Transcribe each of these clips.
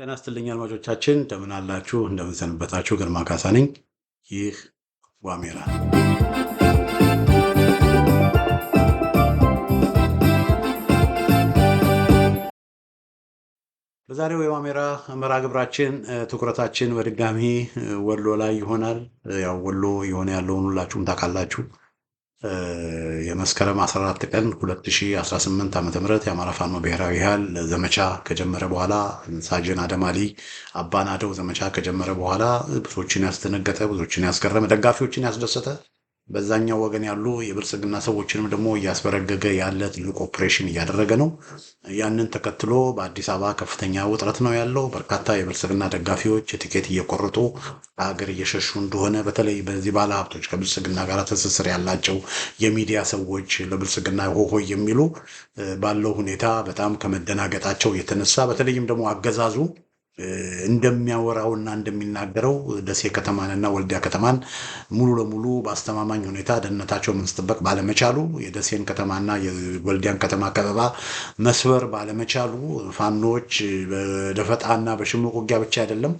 ጤና ይስጥልኝ አድማጮቻችን፣ እንደምን አላችሁ? እንደምን ሰንበታችሁ? ግርማ ካሳ ነኝ። ይህ ዋሜራ በዛሬው የዋሜራ መራ ግብራችን ትኩረታችን በድጋሚ ወሎ ላይ ይሆናል። ያው ወሎ የሆነ ያለውን ሁላችሁም ታውቃላችሁ። የመስከረም 14 ቀን 2018 ዓ.ም የአማራ ፋኖ ብሔራዊ ኃይል ዘመቻ ከጀመረ በኋላ ሳጅን አደማሊ አባናደው ዘመቻ ከጀመረ በኋላ ብዙዎችን ያስደነገጠ ብዙዎችን ያስገረመ ደጋፊዎችን ያስደሰተ በዛኛው ወገን ያሉ የብልጽግና ሰዎችንም ደግሞ እያስበረገገ ያለ ትልቅ ኦፕሬሽን እያደረገ ነው። ያንን ተከትሎ በአዲስ አበባ ከፍተኛ ውጥረት ነው ያለው። በርካታ የብልጽግና ደጋፊዎች ቲኬት እየቆረጡ ከሀገር እየሸሹ እንደሆነ በተለይ በዚህ ባለ ሀብቶች ከብልጽግና ጋር ትስስር ያላቸው የሚዲያ ሰዎች ለብልጽግና ሆሆ የሚሉ ባለው ሁኔታ በጣም ከመደናገጣቸው የተነሳ በተለይም ደግሞ አገዛዙ እንደሚያወራውና እንደሚናገረው ደሴ ከተማንና ወልዲያ ከተማን ሙሉ ለሙሉ በአስተማማኝ ሁኔታ ደህንነታቸው ማስጠበቅ ባለመቻሉ የደሴን ከተማና የወልዲያን ከተማ ከበባ መስበር ባለመቻሉ ፋኖዎች በደፈጣና በሽምቅ ውጊያ ብቻ አይደለም፣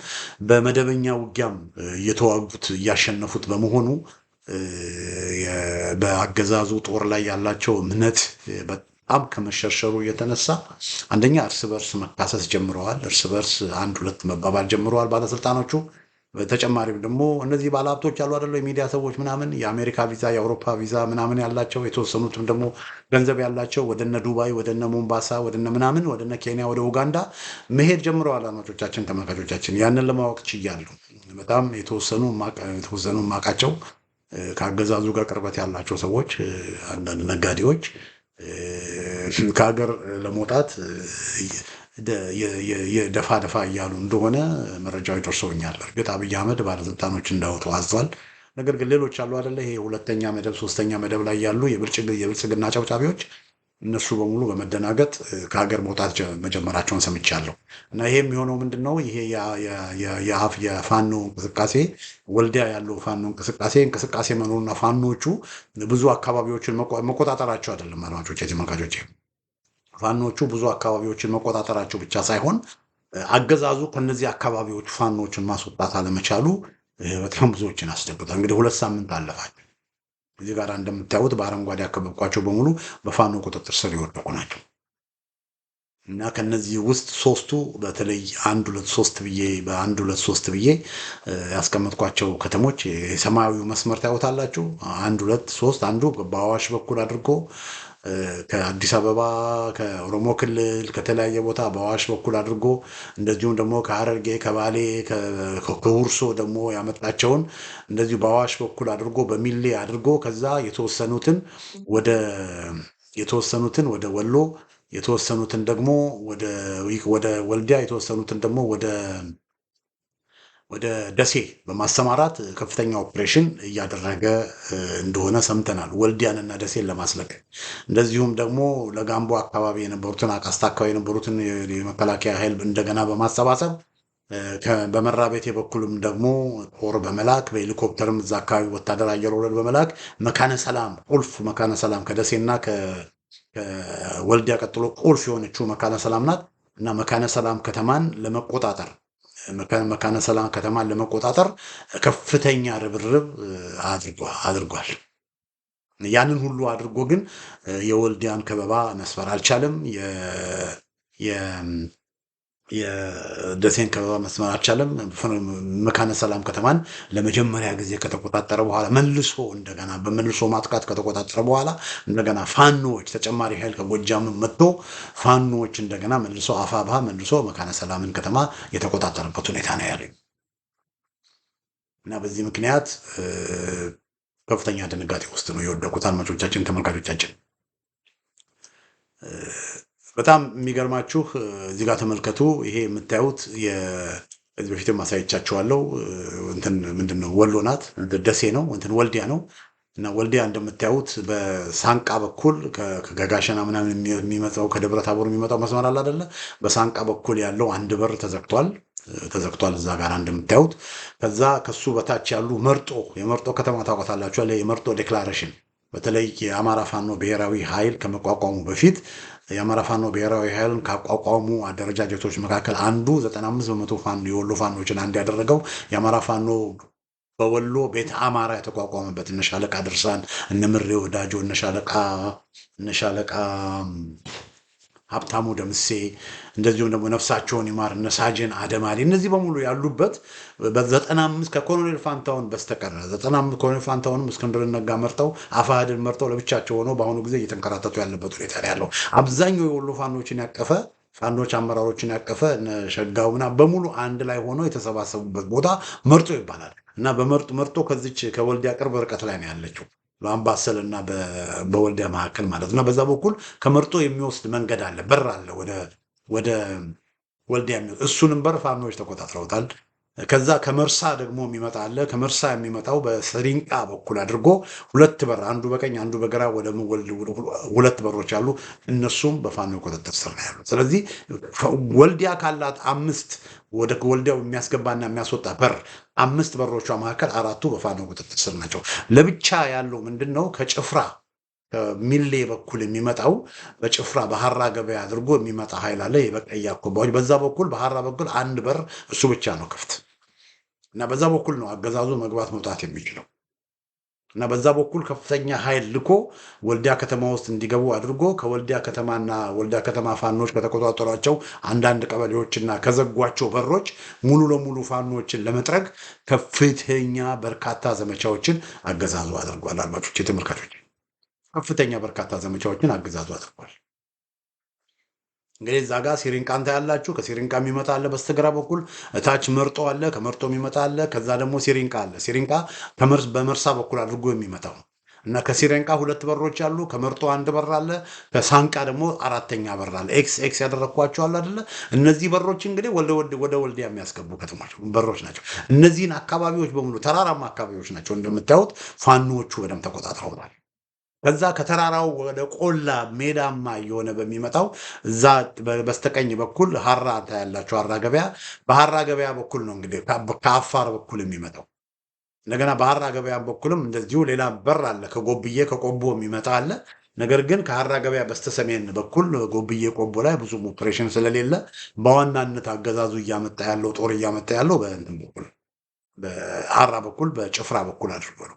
በመደበኛ ውጊያም እየተዋጉት እያሸነፉት በመሆኑ በአገዛዙ ጦር ላይ ያላቸው እምነት በጣም ከመሸርሸሩ የተነሳ አንደኛ እርስ በርስ መካሰስ ጀምረዋል። እርስ በርስ አንድ ሁለት መባባል ጀምረዋል ባለስልጣኖቹ። በተጨማሪም ደግሞ እነዚህ ባለሀብቶች አሉ አደለ የሚዲያ ሰዎች ምናምን የአሜሪካ ቪዛ የአውሮፓ ቪዛ ምናምን ያላቸው የተወሰኑትም ደግሞ ገንዘብ ያላቸው ወደነ ዱባይ ወደነ ሞምባሳ ወደነ ምናምን ወደነ ኬንያ ወደ ኡጋንዳ መሄድ ጀምረዋል። አድማጮቻችን፣ ተመልካቾቻችን ያንን ለማወቅ ችያሉ። በጣም የተወሰኑ የተወሰኑ ማቃቸው ከአገዛዙ ጋር ቅርበት ያላቸው ሰዎች አንዳንድ ነጋዴዎች ከሀገር ለመውጣት የደፋ ደፋ እያሉ እንደሆነ መረጃዎች ደርሰውኛል። እርግጥ አብይ አህመድ ባለስልጣኖች እንዳወጡ አዟል። ነገር ግን ሌሎች አሉ አደለ? ይሄ ሁለተኛ መደብ ሶስተኛ መደብ ላይ ያሉ የብልጽግና ጨብጫቢዎች እነሱ በሙሉ በመደናገጥ ከሀገር መውጣት መጀመራቸውን ሰምቻለሁ እና ይሄ የሚሆነው ምንድን ነው? ይሄ የፋኖ እንቅስቃሴ ወልዲያ ያለው ፋኖ እንቅስቃሴ እንቅስቃሴ መኖሩና ፋኖቹ ብዙ አካባቢዎችን መቆጣጠራቸው አይደለም። አድማጮቼ፣ ተመልካቾቼ ፋኖቹ ብዙ አካባቢዎችን መቆጣጠራቸው ብቻ ሳይሆን አገዛዙ ከነዚህ አካባቢዎች ፋኖችን ማስወጣት አለመቻሉ በጣም ብዙዎችን አስደንግጧል። እንግዲህ ሁለት ሳምንት አለፋቸው። እዚህ ጋር እንደምታዩት በአረንጓዴ ያከበብኳቸው በሙሉ በፋኖ ቁጥጥር ስር የወደቁ ናቸው እና ከነዚህ ውስጥ ሶስቱ በተለይ አንድ ሁለት ሶስት ብዬ በአንድ ሁለት ሶስት ብዬ ያስቀመጥኳቸው ከተሞች የሰማያዊው መስመር ታዩታላችሁ። አንድ ሁለት ሶስት አንዱ በአዋሽ በኩል አድርጎ ከአዲስ አበባ ከኦሮሞ ክልል ከተለያየ ቦታ በአዋሽ በኩል አድርጎ እንደዚሁም ደግሞ ከአረርጌ ከባሌ ከሁርሶ ደግሞ ያመጣቸውን እንደዚሁ በአዋሽ በኩል አድርጎ በሚሌ አድርጎ ከዛ የተወሰኑትን ወደ የተወሰኑትን ወደ ወሎ የተወሰኑትን ደግሞ ወደ ወልዲያ የተወሰኑትን ደግሞ ወደ ወደ ደሴ በማሰማራት ከፍተኛ ኦፕሬሽን እያደረገ እንደሆነ ሰምተናል። ወልዲያንና ደሴን ለማስለቀቅ እንደዚሁም ደግሞ ለጋምቦ አካባቢ የነበሩትን አቃስታ አካባቢ የነበሩትን የመከላከያ ኃይል እንደገና በማሰባሰብ በመራ ቤቴ በኩልም ደግሞ ጦር በመላክ በሄሊኮፕተርም እዛ አካባቢ ወታደር አየር ወለድ በመላክ መካነ ሰላም ቁልፍ መካነ ሰላም ከደሴና ከወልዲያ ቀጥሎ ቁልፍ የሆነችው መካነ ሰላም ናት እና መካነ ሰላም ከተማን ለመቆጣጠር መካነ ሰላም ከተማን ለመቆጣጠር ከፍተኛ ርብርብ አድርጓል። ያንን ሁሉ አድርጎ ግን የወልዲያን ከበባ መስፈር አልቻለም። የደሴን ከበባ መስመር አልቻለም። መካነ ሰላም ከተማን ለመጀመሪያ ጊዜ ከተቆጣጠረ በኋላ መልሶ እንደገና በመልሶ ማጥቃት ከተቆጣጠረ በኋላ እንደገና ፋኖዎች ተጨማሪ ኃይል ከጎጃም መጥቶ ፋኖዎች እንደገና መልሶ አፋብሃ መልሶ መካነ ሰላምን ከተማ የተቆጣጠረበት ሁኔታ ነው ያለኝ እና በዚህ ምክንያት ከፍተኛ ድንጋጤ ውስጥ ነው የወደቁት አድማጮቻችን፣ ተመልካቾቻችን በጣም የሚገርማችሁ እዚህ ጋር ተመልከቱ። ይሄ የምታዩት ከዚህ በፊትም አሳይቻችኋለሁ። እንትን ምንድን ነው ወሎ ናት፣ ደሴ ነው እንትን ወልዲያ ነው። እና ወልዲያ እንደምታዩት በሳንቃ በኩል ከጋሸና ምናምን የሚመጣው ከደብረ ታቦር የሚመጣው መስመር አለ አይደለ? በሳንቃ በኩል ያለው አንድ በር ተዘግቷል ተዘግቷል እዛ ጋር እንደምታዩት። ከዛ ከሱ በታች ያሉ መርጦ የመርጦ ከተማ ታውቃታላችሁ። የመርጦ ዴክላሬሽን በተለይ የአማራ ፋኖ ብሔራዊ ኃይል ከመቋቋሙ በፊት የአማራ ፋኖ ብሔራዊ ኃይልን ካቋቋሙ አደረጃጀቶች መካከል አንዱ 95 በመቶ ፋኖ የወሎ ፋኖችን አንድ ያደረገው የአማራ ፋኖ በወሎ ቤተ አማራ የተቋቋመበት እነሻለቃ ድርሳን እነምሬ ወዳጆ እነሻለቃ እነሻለቃ ሀብታሙ ደምሴ እንደዚሁም ደግሞ ነፍሳቸውን ይማር እነ ሳጅን አደማሪ እነዚህ በሙሉ ያሉበት በዘጠና አምስት ከኮሎኔል ፋንታውን በስተቀረ ዘጠና አምስት ኮሎኔል ፋንታውንም እስክንድርን ነጋ መርጠው አፋህድን መርጠው ለብቻቸው ሆነው በአሁኑ ጊዜ እየተንከራተቱ ያለበት ሁኔታ ያለው አብዛኛው የወሎ ፋኖችን ያቀፈ ፋኖች አመራሮችን ያቀፈ ሸጋው ምናምን በሙሉ አንድ ላይ ሆነው የተሰባሰቡበት ቦታ መርጦ ይባላል እና በመርጦ መርጦ ከዚች ከወልዲያ ቅርብ ርቀት ላይ ነው ያለችው። በአምባሰል እና በወልዲያ መካከል ማለት እና በዛ በኩል ከመርጦ የሚወስድ መንገድ አለ፣ በር አለ ወደ ወልዲያ እሱንም በር ፋኖዎች ተቆጣጥረውታል። ከዛ ከመርሳ ደግሞ የሚመጣ አለ። ከመርሳ የሚመጣው በሰሪንቃ በኩል አድርጎ ሁለት በር አንዱ በቀኝ አንዱ በግራ ወደ ሁለት በሮች አሉ። እነሱም በፋኖ ቁጥጥር ስር ነው ያሉት። ስለዚህ ወልዲያ ካላት አምስት ወደ ወልዲያው የሚያስገባና የሚያስወጣ በር አምስት በሮቿ መካከል አራቱ በፋኖ ቁጥጥር ስር ናቸው። ለብቻ ያለው ምንድን ነው ከጭፍራ ሚሌ በኩል የሚመጣው በጭፍራ በሀራ ገበያ አድርጎ የሚመጣ ኃይል አለ። የበቀያ ኮባዎች በዛ በኩል በሀራ በኩል አንድ በር እሱ ብቻ ነው ክፍት እና በዛ በኩል ነው አገዛዙ መግባት መውጣት የሚችለው እና በዛ በኩል ከፍተኛ ኃይል ልኮ ወልዲያ ከተማ ውስጥ እንዲገቡ አድርጎ ከወልዲያ ከተማና ወልዲያ ከተማ ፋኖች ከተቆጣጠሯቸው አንዳንድ ቀበሌዎችና ከዘጓቸው በሮች ሙሉ ለሙሉ ፋኖችን ለመጥረግ ከፍተኛ በርካታ ዘመቻዎችን አገዛዙ አድርጓል። አድማጮች፣ ተመልካቾች ከፍተኛ በርካታ ዘመቻዎችን አገዛዙ አድርጓል። እንግዲህ እዛ ጋር ሲሪንቃን ያላችሁ ከሲሪንቃ የሚመጣ አለ፣ በስተግራ በኩል እታች መርጦ አለ፣ ከመርጦ የሚመጣ አለ። ከዛ ደግሞ ሲሪንቃ አለ። ሲሪንቃ በመርሳ በኩል አድርጎ የሚመጣው እና ከሲሪንቃ ሁለት በሮች አሉ። ከመርጦ አንድ በር አለ፣ ከሳንቃ ደግሞ አራተኛ በር አለ። ኤክስ ኤክስ ያደረግኳቸው አለ አይደለ? እነዚህ በሮች እንግዲህ ወደ ወልዲያ የሚያስገቡ ከተሞች በሮች ናቸው። እነዚህን አካባቢዎች በሙሉ ተራራማ አካባቢዎች ናቸው። እንደምታዩት ፋኖዎቹ በደንብ ተቆጣጥረውታል። ከዛ ከተራራው ወደ ቆላ ሜዳማ እየሆነ በሚመጣው እዛ በስተቀኝ በኩል ሀራ ያላቸው ሀራ ገበያ በሀራ ገበያ በኩል ነው እንግዲህ ከአፋር በኩል የሚመጣው። እንደገና በሀራ ገበያ በኩልም እንደዚሁ ሌላ በር አለ፣ ከጎብዬ ከቆቦ የሚመጣ አለ። ነገር ግን ከሀራ ገበያ በስተሰሜን በኩል ጎብዬ ቆቦ ላይ ብዙ ኦፕሬሽን ስለሌለ በዋናነት አገዛዙ እያመጣ ያለው ጦር እያመጣ ያለው በሀራ በኩል በጭፍራ በኩል አድርጎ ነው።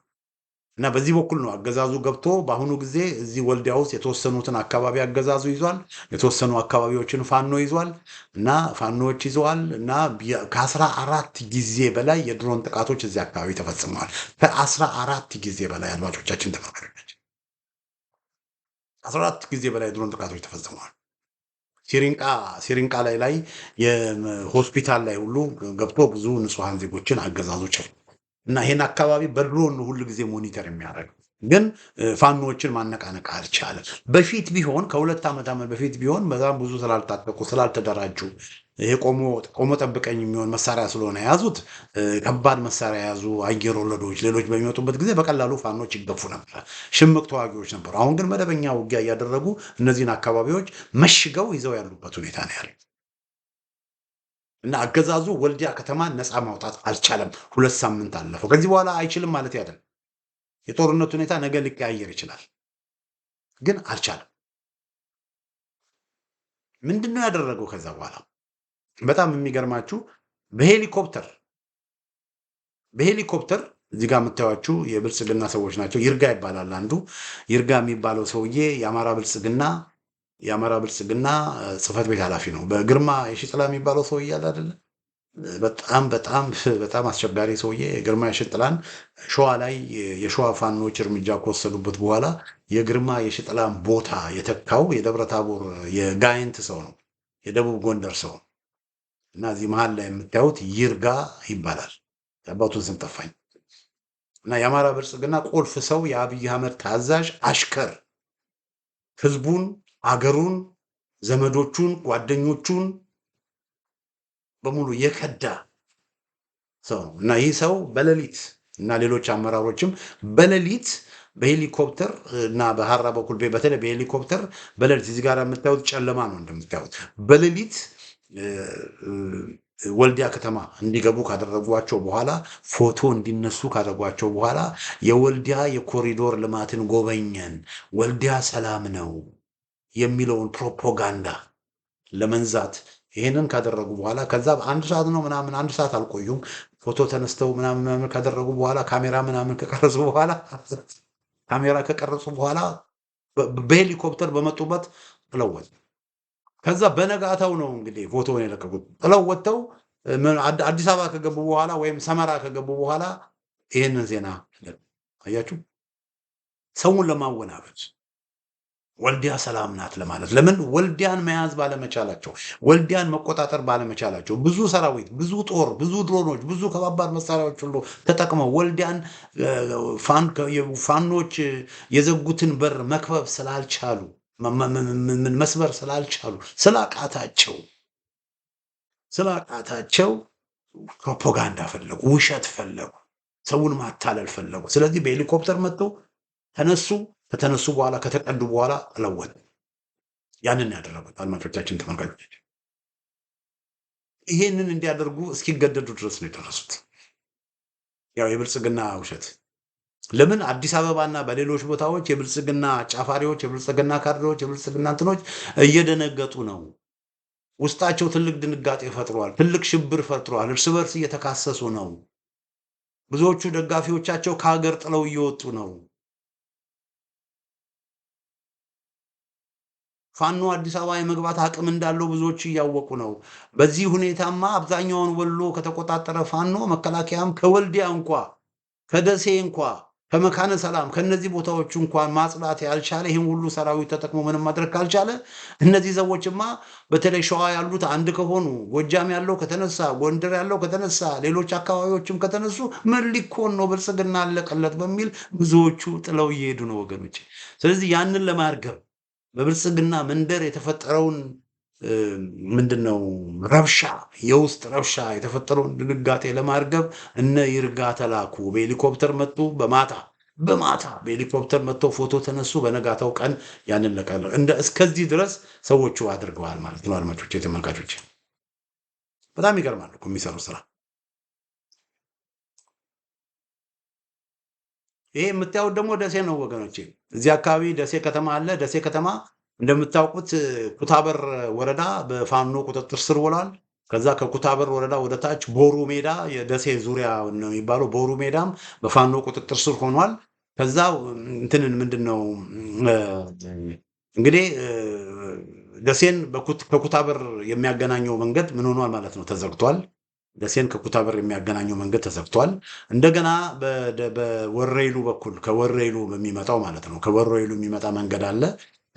እና በዚህ በኩል ነው አገዛዙ ገብቶ በአሁኑ ጊዜ እዚህ ወልዲያ ውስጥ የተወሰኑትን አካባቢ አገዛዙ ይዟል። የተወሰኑ አካባቢዎችን ፋኖ ይዟል እና ፋኖዎች ይዘዋል እና ከአስራ አራት ጊዜ በላይ የድሮን ጥቃቶች እዚህ አካባቢ ተፈጽመዋል። ከአስራ አራት ጊዜ በላይ አድማጮቻችን ተመራሪዎች አስራ አራት ጊዜ በላይ የድሮን ጥቃቶች ተፈጽመዋል። ሲሪንቃ ላይ ላይ የሆስፒታል ላይ ሁሉ ገብቶ ብዙ ንጹሐን ዜጎችን አገዛዞች እና ይህን አካባቢ በድሮን ሁሉ ጊዜ ሞኒተር የሚያደርገው ግን ፋኖዎችን ማነቃነቅ አልቻለም። በፊት ቢሆን ከሁለት ዓመት ዓመት በፊት ቢሆን በጣም ብዙ ስላልታጠቁ ስላልተደራጁ ይሄ ቆሞ ጠብቀኝ የሚሆን መሳሪያ ስለሆነ የያዙት ከባድ መሳሪያ የያዙ አየር ወለዶች፣ ሌሎች በሚመጡበት ጊዜ በቀላሉ ፋኖች ይገፉ ነበር። ሽምቅ ተዋጊዎች ነበሩ። አሁን ግን መደበኛ ውጊያ እያደረጉ እነዚህን አካባቢዎች መሽገው ይዘው ያሉበት ሁኔታ ነው ያለው። እና አገዛዙ ወልዲያ ከተማን ነፃ ማውጣት አልቻለም። ሁለት ሳምንት አለፈው። ከዚህ በኋላ አይችልም ማለት አይደለም። የጦርነት ሁኔታ ነገ ሊቀያየር ይችላል፣ ግን አልቻለም። ምንድን ነው ያደረገው? ከዛ በኋላ በጣም የሚገርማችሁ በሄሊኮፕተር በሄሊኮፕተር እዚህ ጋር የምታዩችሁ የብልጽግና ሰዎች ናቸው። ይርጋ ይባላል አንዱ። ይርጋ የሚባለው ሰውዬ የአማራ ብልጽግና የአማራ ብልጽግና ጽህፈት ቤት ኃላፊ ነው። በግርማ የሽጥላ የሚባለው ሰው እያለ አይደለ? በጣም በጣም በጣም አስቸጋሪ ሰውዬ። የግርማ የሽጥላን ሸዋ ላይ የሸዋ ፋኖች እርምጃ ከወሰዱበት በኋላ የግርማ የሽጥላን ቦታ የተካው የደብረታቦር የጋይንት ሰው ነው፣ የደቡብ ጎንደር ሰው እና እዚህ መሀል ላይ የምታዩት ይርጋ ይባላል። አባቱን ስም ጠፋኝ። እና የአማራ ብልጽግና ቁልፍ ሰው፣ የአብይ አህመድ ታዛዥ አሽከር ህዝቡን አገሩን፣ ዘመዶቹን፣ ጓደኞቹን በሙሉ የከዳ ሰው ነው እና ይህ ሰው በሌሊት እና ሌሎች አመራሮችም በሌሊት በሄሊኮፕተር እና በሀራ በኩል በተለይ በሄሊኮፕተር በሌሊት እዚህ ጋር የምታዩት ጨለማ ነው እንደምታዩት በሌሊት ወልዲያ ከተማ እንዲገቡ ካደረጓቸው በኋላ ፎቶ እንዲነሱ ካደረጓቸው በኋላ የወልዲያ የኮሪዶር ልማትን ጎበኘን። ወልዲያ ሰላም ነው። የሚለውን ፕሮፓጋንዳ ለመንዛት ይህንን ካደረጉ በኋላ ከዛ አንድ ሰዓት ነው ምናምን አንድ ሰዓት አልቆዩም። ፎቶ ተነስተው ምናምን ካደረጉ በኋላ ካሜራ ምናምን ከቀረጹ በኋላ ካሜራ ከቀረጹ በኋላ በሄሊኮፕተር በመጡበት ጥለወት ከዛ በነጋታው ነው እንግዲህ ፎቶውን የለቀቁት። ጥለው ወጥተው አዲስ አበባ ከገቡ በኋላ ወይም ሰመራ ከገቡ በኋላ ይህንን ዜና አያችሁ፣ ሰውን ለማወናበድ ወልዲያ ሰላም ናት ለማለት ለምን ወልዲያን መያዝ ባለመቻላቸው ወልዲያን መቆጣጠር ባለመቻላቸው ብዙ ሰራዊት፣ ብዙ ጦር፣ ብዙ ድሮኖች፣ ብዙ ከባባድ መሳሪያዎች ሁሉ ተጠቅመው ወልዲያን ፋኖች የዘጉትን በር መክበብ ስላልቻሉ መስበር ስላልቻሉ ስላቃታቸው ስላቃታቸው ፕሮፓጋንዳ ፈለጉ፣ ውሸት ፈለጉ፣ ሰውን ማታለል ፈለጉ። ስለዚህ በሄሊኮፕተር መጥተው ተነሱ። ከተነሱ በኋላ ከተቀዱ በኋላ ለወጥ ያንን ያደረጉት አድማጮቻችን፣ ተመልካቾቻችን ይሄንን እንዲያደርጉ እስኪገደዱ ድረስ ነው የደረሱት። ያው የብልጽግና ውሸት ለምን አዲስ አበባና በሌሎች ቦታዎች የብልጽግና ጫፋሪዎች፣ የብልጽግና ካድሬዎች፣ የብልጽግና እንትኖች እየደነገጡ ነው። ውስጣቸው ትልቅ ድንጋጤ ፈጥሯል። ትልቅ ሽብር ፈጥሯል። እርስ በርስ እየተካሰሱ ነው። ብዙዎቹ ደጋፊዎቻቸው ከሀገር ጥለው እየወጡ ነው። ፋኖ አዲስ አበባ የመግባት አቅም እንዳለው ብዙዎች እያወቁ ነው። በዚህ ሁኔታማ አብዛኛውን ወሎ ከተቆጣጠረ ፋኖ መከላከያም ከወልዲያ እንኳ ከደሴ እንኳ ከመካነ ሰላም ከነዚህ ቦታዎች እንኳን ማጽዳት ያልቻለ ይህን ሁሉ ሰራዊት ተጠቅሞ ምንም ማድረግ ካልቻለ እነዚህ ሰዎችማ በተለይ ሸዋ ያሉት አንድ ከሆኑ ጎጃም ያለው ከተነሳ፣ ጎንደር ያለው ከተነሳ፣ ሌሎች አካባቢዎችም ከተነሱ ምን ሊኮን ነው? ብልጽግና አለቀለት በሚል ብዙዎቹ ጥለው እየሄዱ ነው ወገኖች። ስለዚህ ያንን ለማርገብ በብልጽግና መንደር የተፈጠረውን ምንድን ነው ረብሻ፣ የውስጥ ረብሻ የተፈጠረውን ድንጋጤ ለማርገብ እነ ይርጋ ተላኩ። በሄሊኮፕተር መጡ። በማታ በማታ በሄሊኮፕተር መጥተው ፎቶ ተነሱ። በነጋታው ቀን ያንን ለቀለ እንደ እስከዚህ ድረስ ሰዎቹ አድርገዋል ማለት ነው። አድማጮች፣ ተመልካቾች በጣም ይገርማል የሚሰሩ ስራ ይሄ የምታዩት ደግሞ ደሴ ነው ወገኖች እዚህ አካባቢ ደሴ ከተማ አለ። ደሴ ከተማ እንደምታውቁት ኩታበር ወረዳ በፋኖ ቁጥጥር ስር ውሏል። ከዛ ከኩታበር ወረዳ ወደ ታች ቦሩ ሜዳ የደሴ ዙሪያ ነው የሚባለው። ቦሩ ሜዳም በፋኖ ቁጥጥር ስር ሆኗል። ከዛ እንትንን ምንድን ነው እንግዲህ ደሴን ከኩታበር የሚያገናኘው መንገድ ምን ሆኗል ማለት ነው፣ ተዘግቷል። ደሴን በር የሚያገናኘው መንገድ ተዘግቷል። እንደገና በወሬሉ በኩል ከወሬሉ የሚመጣው ማለት ነው ከወረይሉ የሚመጣ መንገድ አለ።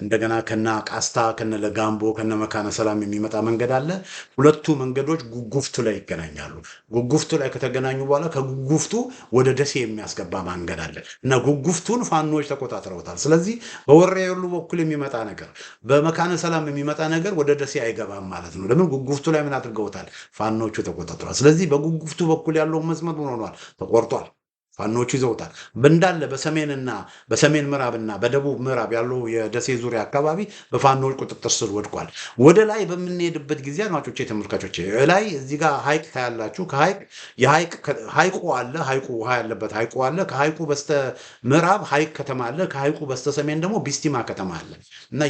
እንደገና ከነ ቃስታ ከነ ለጋምቦ ከነ መካነ ሰላም የሚመጣ መንገድ አለ። ሁለቱ መንገዶች ጉጉፍቱ ላይ ይገናኛሉ። ጉጉፍቱ ላይ ከተገናኙ በኋላ ከጉጉፍቱ ወደ ደሴ የሚያስገባ መንገድ አለ እና ጉጉፍቱን ፋኖች ተቆጣጥረውታል። ስለዚህ በወሬ ያሉ በኩል የሚመጣ ነገር፣ በመካነ ሰላም የሚመጣ ነገር ወደ ደሴ አይገባም ማለት ነው። ለምን ጉጉፍቱ ላይ ምን አድርገውታል? ፋኖቹ ተቆጣጥረዋል። ስለዚህ በጉጉፍቱ በኩል ያለው መስመር ሆኗል፣ ተቆርጧል። ፋኖቹ ይዘውታል። እንዳለ በሰሜንና በሰሜን ምዕራብና በደቡብ ምዕራብ ያለው የደሴ ዙሪያ አካባቢ በፋኖች ቁጥጥር ስር ወድቋል። ወደ ላይ በምንሄድበት ጊዜ አድማጮቼ፣ ተመልካቾቼ ላይ እዚህ ጋር ታያላችሁ። ሀይቁ አለ ሀይቁ ውሃ ያለበት ሀይቁ አለ። ከሀይቁ በስተ ምዕራብ ሐይቅ ከተማ አለ። ከሀይቁ በስተ ሰሜን ደግሞ ቢስቲማ ከተማ አለ እና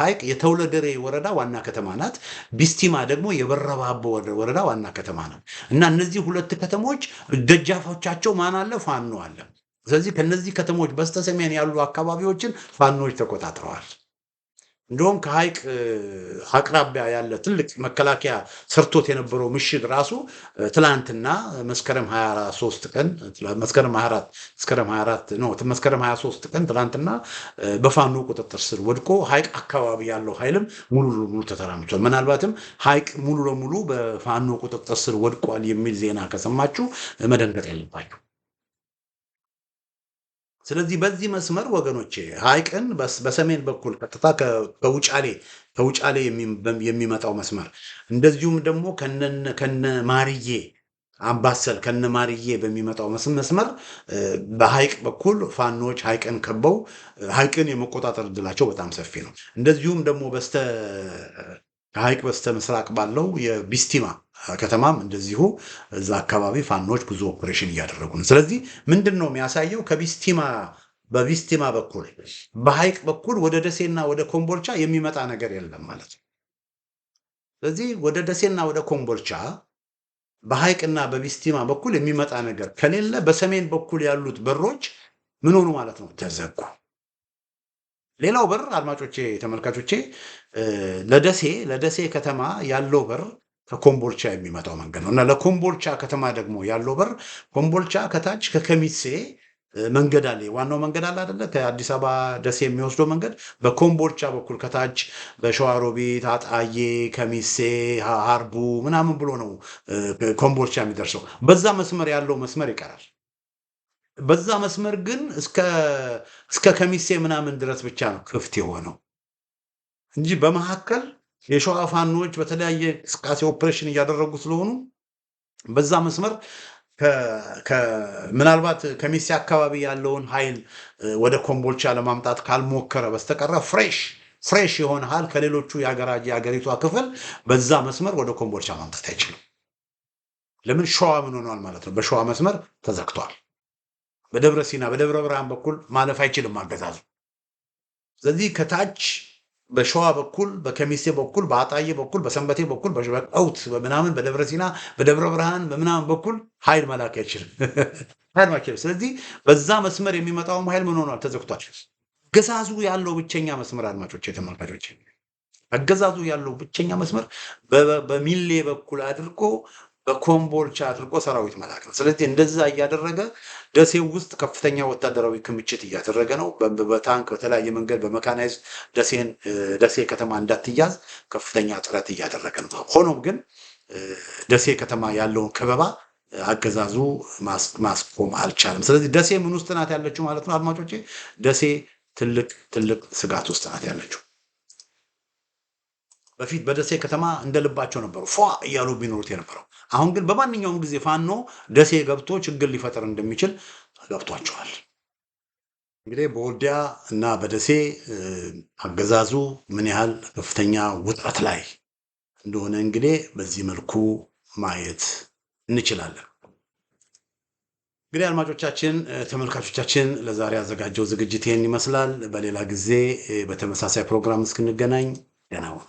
ሐይቅ የተውለደሬ ወረዳ ዋና ከተማ ናት። ቢስቲማ ደግሞ የበረባቦ ወረዳ ዋና ከተማ ነው እና እነዚህ ሁለት ከተሞች ደጃፎቻቸው ማን አለ? ፋኖ አለ። ስለዚህ ከነዚህ ከተሞች በስተሰሜን ያሉ አካባቢዎችን ፋኖች ተቆጣጥረዋል። እንዲሁም ከሐይቅ አቅራቢያ ያለ ትልቅ መከላከያ ሰርቶት የነበረው ምሽግ ራሱ ትላንትና መስከረም 23 ቀን መስከረም 24 ነው መስከረም 23 ቀን ትላንትና በፋኖ ቁጥጥር ስር ወድቆ ሐይቅ አካባቢ ያለው ኃይልም ሙሉ ለሙሉ ተተራምቷል። ምናልባትም ሐይቅ ሙሉ ለሙሉ በፋኖ ቁጥጥር ስር ወድቋል የሚል ዜና ከሰማችሁ መደንገጥ ያለባችሁ ስለዚህ በዚህ መስመር ወገኖቼ ሐይቅን በሰሜን በኩል ቀጥታ ከውጫሌ ከውጫሌ የሚመጣው መስመር እንደዚሁም ደግሞ ከነ ማርዬ አምባሰል ከነ ማርዬ በሚመጣው መስመር በሐይቅ በኩል ፋኖች ሐይቅን ከበው ሐይቅን የመቆጣጠር እድላቸው በጣም ሰፊ ነው። እንደዚሁም ደግሞ በስተ ከሀይቅ በስተ ምስራቅ ባለው የቢስቲማ ከተማም እንደዚሁ እዛ አካባቢ ፋኖች ብዙ ኦፕሬሽን እያደረጉ ነው። ስለዚህ ምንድን ነው የሚያሳየው? ከቢስቲማ በቢስቲማ በኩል በሀይቅ በኩል ወደ ደሴና ወደ ኮምቦልቻ የሚመጣ ነገር የለም ማለት ነው። ስለዚህ ወደ ደሴና ወደ ኮምቦልቻ በሀይቅና በቢስቲማ በኩል የሚመጣ ነገር ከሌለ በሰሜን በኩል ያሉት በሮች ምን ሆኑ ማለት ነው? ተዘጉ። ሌላው በር አድማጮቼ፣ ተመልካቾቼ ለደሴ ለደሴ ከተማ ያለው በር ከኮምቦልቻ የሚመጣው መንገድ ነው እና ለኮምቦልቻ ከተማ ደግሞ ያለው በር ኮምቦልቻ ከታች ከከሚሴ መንገድ አለ። ዋናው መንገድ አለ አደለ? ከአዲስ አበባ ደሴ የሚወስደው መንገድ በኮምቦልቻ በኩል ከታች በሸዋሮቢት፣ አጣዬ፣ ከሚሴ፣ ሀርቡ ምናምን ብሎ ነው ኮምቦልቻ የሚደርሰው። በዛ መስመር ያለው መስመር ይቀራል። በዛ መስመር ግን እስከ ከሚሴ ምናምን ድረስ ብቻ ነው ክፍት የሆነው እንጂ በመካከል የሸዋ ፋኖዎች በተለያየ እንቅስቃሴ ኦፕሬሽን እያደረጉ ስለሆኑ በዛ መስመር ምናልባት ከሚሴ አካባቢ ያለውን ኃይል ወደ ኮምቦልቻ ለማምጣት ካልሞከረ በስተቀረ ፍሬሽ ፍሬሽ የሆነ ሀል ከሌሎቹ የሀገሪቷ ክፍል በዛ መስመር ወደ ኮምቦልቻ ማምጣት አይችልም። ለምን ሸዋ ምን ሆኗል ማለት ነው። በሸዋ መስመር ተዘግቷል። በደብረ ሲና በደብረ ብርሃን በኩል ማለፍ አይችልም አገዛዙ። ስለዚህ ከታች በሸዋ በኩል በከሚሴ በኩል በአጣዬ በኩል በሰንበቴ በኩል በሸበቀውት በምናምን በደብረ ሲና በደብረ ብርሃን በምናምን በኩል ኃይል መላክ አይችልም ስለዚህ በዛ መስመር የሚመጣውም ኃይል ምን ሆኗል? ተዘግቷል። አገዛዙ ያለው ብቸኛ መስመር አድማጮች፣ የተመልካቾች አገዛዙ ያለው ብቸኛ መስመር በሚሌ በኩል አድርጎ በኮምቦልቻ አድርጎ ሰራዊት መላክ ነው። ስለዚህ እንደዛ እያደረገ ደሴ ውስጥ ከፍተኛ ወታደራዊ ክምችት እያደረገ ነው። በታንክ በተለያየ መንገድ በመካናይዝ ደሴ ከተማ እንዳትያዝ ከፍተኛ ጥረት እያደረገ ነው። ሆኖም ግን ደሴ ከተማ ያለውን ከበባ አገዛዙ ማስቆም አልቻለም። ስለዚህ ደሴ ምን ውስጥ ናት ያለችው ማለት ነው? አድማጮቼ ደሴ ትልቅ ትልቅ ስጋት ውስጥ ናት ያለችው። በፊት በደሴ ከተማ እንደ ልባቸው ነበሩ ፏ እያሉ ቢኖሩት የነበረው። አሁን ግን በማንኛውም ጊዜ ፋኖ ደሴ ገብቶ ችግር ሊፈጠር እንደሚችል ገብቷቸዋል። እንግዲህ በወልዲያ እና በደሴ አገዛዙ ምን ያህል ከፍተኛ ውጥረት ላይ እንደሆነ እንግዲህ በዚህ መልኩ ማየት እንችላለን። እንግዲህ አድማጮቻችን፣ ተመልካቾቻችን ለዛሬ ያዘጋጀው ዝግጅት ይህን ይመስላል። በሌላ ጊዜ በተመሳሳይ ፕሮግራም እስክንገናኝ ደህና ሁኑ።